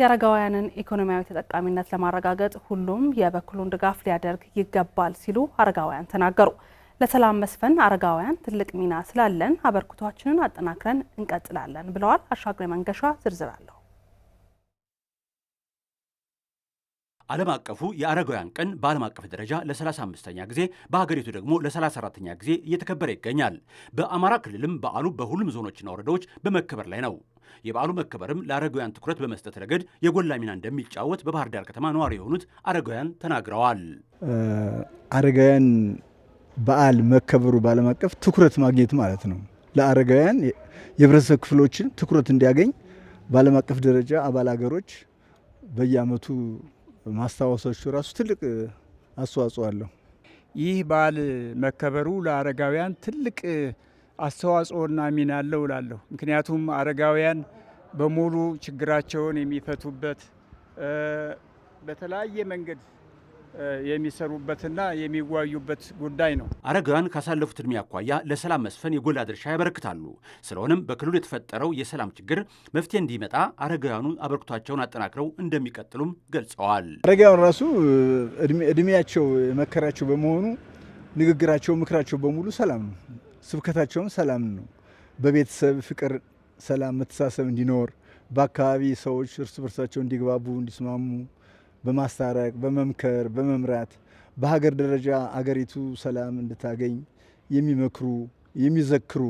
የአረጋውያንን ኢኮኖሚያዊ ተጠቃሚነት ለማረጋገጥ ሁሉም የበኩሉን ድጋፍ ሊያደርግ ይገባል ሲሉ አረጋውያን ተናገሩ። ለሰላም መስፈን አረጋውያን ትልቅ ሚና ስላለን አበርክቷችንን አጠናክረን እንቀጥላለን ብለዋል። አሻግሬ መንገሻ ዝርዝር አለው ዓለም አቀፉ የአረጋውያን ቀን በዓለም አቀፍ ደረጃ ለ35ኛ ጊዜ በሀገሪቱ ደግሞ ለ34ኛ ጊዜ እየተከበረ ይገኛል። በአማራ ክልልም በዓሉ በሁሉም ዞኖችና ወረዳዎች በመከበር ላይ ነው። የበዓሉ መከበርም ለአረጋውያን ትኩረት በመስጠት ረገድ የጎላ ሚና እንደሚጫወት በባህር ዳር ከተማ ነዋሪ የሆኑት አረጋውያን ተናግረዋል። አረጋውያን በዓል መከበሩ በዓለም አቀፍ ትኩረት ማግኘት ማለት ነው። ለአረጋውያን የህብረተሰብ ክፍሎችን ትኩረት እንዲያገኝ በዓለም አቀፍ ደረጃ አባል ሀገሮች በየዓመቱ ማስታወሶቹ ራሱ ትልቅ አስተዋጽኦ አለው። ይህ በዓል መከበሩ ለአረጋውያን ትልቅ አስተዋጽኦና ሚና አለው እላለሁ። ምክንያቱም አረጋውያን በሙሉ ችግራቸውን የሚፈቱበት በተለያየ መንገድ የሚሰሩበትና የሚዋዩበት ጉዳይ ነው። አረጋውያን ካሳለፉት እድሜ አኳያ ለሰላም መስፈን የጎላ ድርሻ ያበረክታሉ። ስለሆነም በክልሉ የተፈጠረው የሰላም ችግር መፍትሄ እንዲመጣ አረጋውያኑ አበርክቷቸውን አጠናክረው እንደሚቀጥሉም ገልጸዋል። አረጋውያን ራሱ እድሜያቸው መከራቸው በመሆኑ ንግግራቸው፣ ምክራቸው በሙሉ ሰላም ነው። ስብከታቸውም ሰላም ነው። በቤተሰብ ፍቅር፣ ሰላም፣ መተሳሰብ እንዲኖር በአካባቢ ሰዎች እርስ በርሳቸው እንዲግባቡ፣ እንዲስማሙ በማስታረቅ በመምከር በመምራት በሀገር ደረጃ አገሪቱ ሰላም እንድታገኝ የሚመክሩ የሚዘክሩ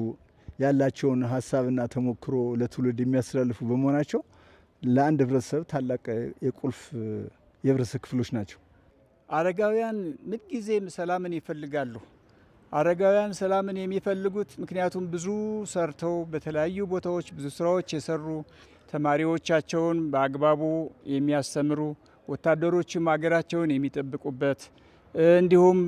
ያላቸውን ሀሳብና ተሞክሮ ለትውልድ የሚያስተላልፉ በመሆናቸው ለአንድ ህብረተሰብ ታላቅ የቁልፍ የህብረተሰብ ክፍሎች ናቸው። አረጋውያን ምንጊዜም ሰላምን ይፈልጋሉ። አረጋውያን ሰላምን የሚፈልጉት ምክንያቱም ብዙ ሰርተው በተለያዩ ቦታዎች ብዙ ስራዎች የሰሩ ተማሪዎቻቸውን በአግባቡ የሚያስተምሩ ወታደሮችም ሀገራቸውን የሚጠብቁበት እንዲሁም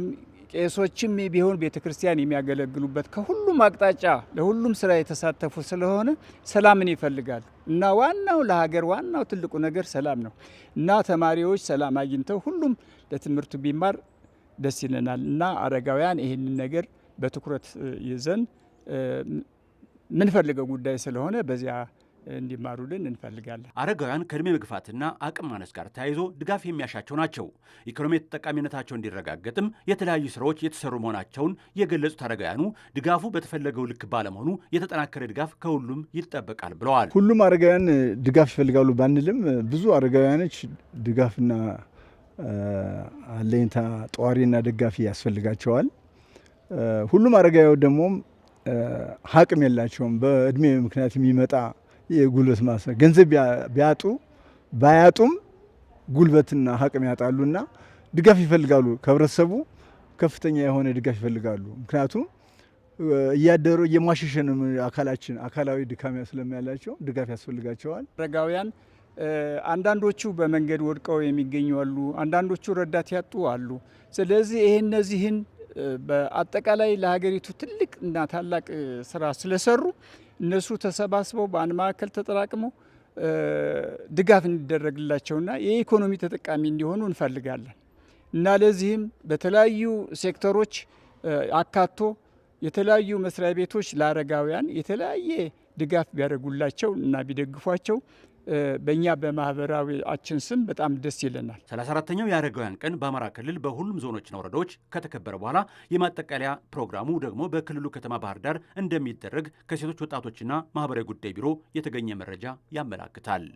ቄሶችም ቢሆን ቤተ ክርስቲያን የሚያገለግሉበት ከሁሉም አቅጣጫ ለሁሉም ስራ የተሳተፉ ስለሆነ ሰላምን ይፈልጋል እና ዋናው ለሀገር ዋናው ትልቁ ነገር ሰላም ነው እና ተማሪዎች ሰላም አግኝተው ሁሉም ለትምህርቱ ቢማር ደስ ይለናል እና አረጋውያን ይህንን ነገር በትኩረት ይዘን ምንፈልገው ጉዳይ ስለሆነ በዚያ እንዲማሩልን እንፈልጋለን። አረጋውያን ከእድሜ መግፋትና አቅም ማነስ ጋር ተያይዞ ድጋፍ የሚያሻቸው ናቸው። ኢኮኖሚ ተጠቃሚነታቸው እንዲረጋገጥም የተለያዩ ስራዎች የተሰሩ መሆናቸውን የገለጹት አረጋውያኑ ድጋፉ በተፈለገው ልክ ባለመሆኑ የተጠናከረ ድጋፍ ከሁሉም ይጠበቃል ብለዋል። ሁሉም አረጋውያን ድጋፍ ይፈልጋሉ ባንልም ብዙ አረጋውያኖች ድጋፍና አለኝታ ጠዋሪና ደጋፊ ያስፈልጋቸዋል። ሁሉም አረጋዊ ደግሞ አቅም የላቸውም። በእድሜ ምክንያት የሚመጣ የጉልበት ማስፈ ገንዘብ ቢያጡ ባያጡም ጉልበትና አቅም ያጣሉና ድጋፍ ይፈልጋሉ። ከህብረተሰቡ ከፍተኛ የሆነ ድጋፍ ይፈልጋሉ። ምክንያቱም እያደሩ የማሸሸን አካላችን አካላዊ ድካም ስለሚያላቸው ድጋፍ ያስፈልጋቸዋል። አረጋውያን አንዳንዶቹ በመንገድ ወድቀው የሚገኙ አሉ፣ አንዳንዶቹ ረዳት ያጡ አሉ። ስለዚህ ይህ እነዚህን በአጠቃላይ ለሀገሪቱ ትልቅ እና ታላቅ ስራ ስለሰሩ እነሱ ተሰባስበው በአንድ ማዕከል ተጠራቅመው ድጋፍ እንዲደረግላቸውና የኢኮኖሚ ተጠቃሚ እንዲሆኑ እንፈልጋለን እና ለዚህም በተለያዩ ሴክተሮች አካቶ የተለያዩ መስሪያ ቤቶች ለአረጋውያን የተለያየ ድጋፍ ቢያደርጉላቸው እና ቢደግፏቸው በእኛ በማህበራዊ አችን ስም በጣም ደስ ይለናል። 34ተኛው የአረጋውያን ቀን በአማራ ክልል በሁሉም ዞኖችና ወረዳዎች ከተከበረ በኋላ የማጠቃለያ ፕሮግራሙ ደግሞ በክልሉ ከተማ ባህር ዳር እንደሚደረግ ከሴቶች ወጣቶችና ማህበራዊ ጉዳይ ቢሮ የተገኘ መረጃ ያመላክታል።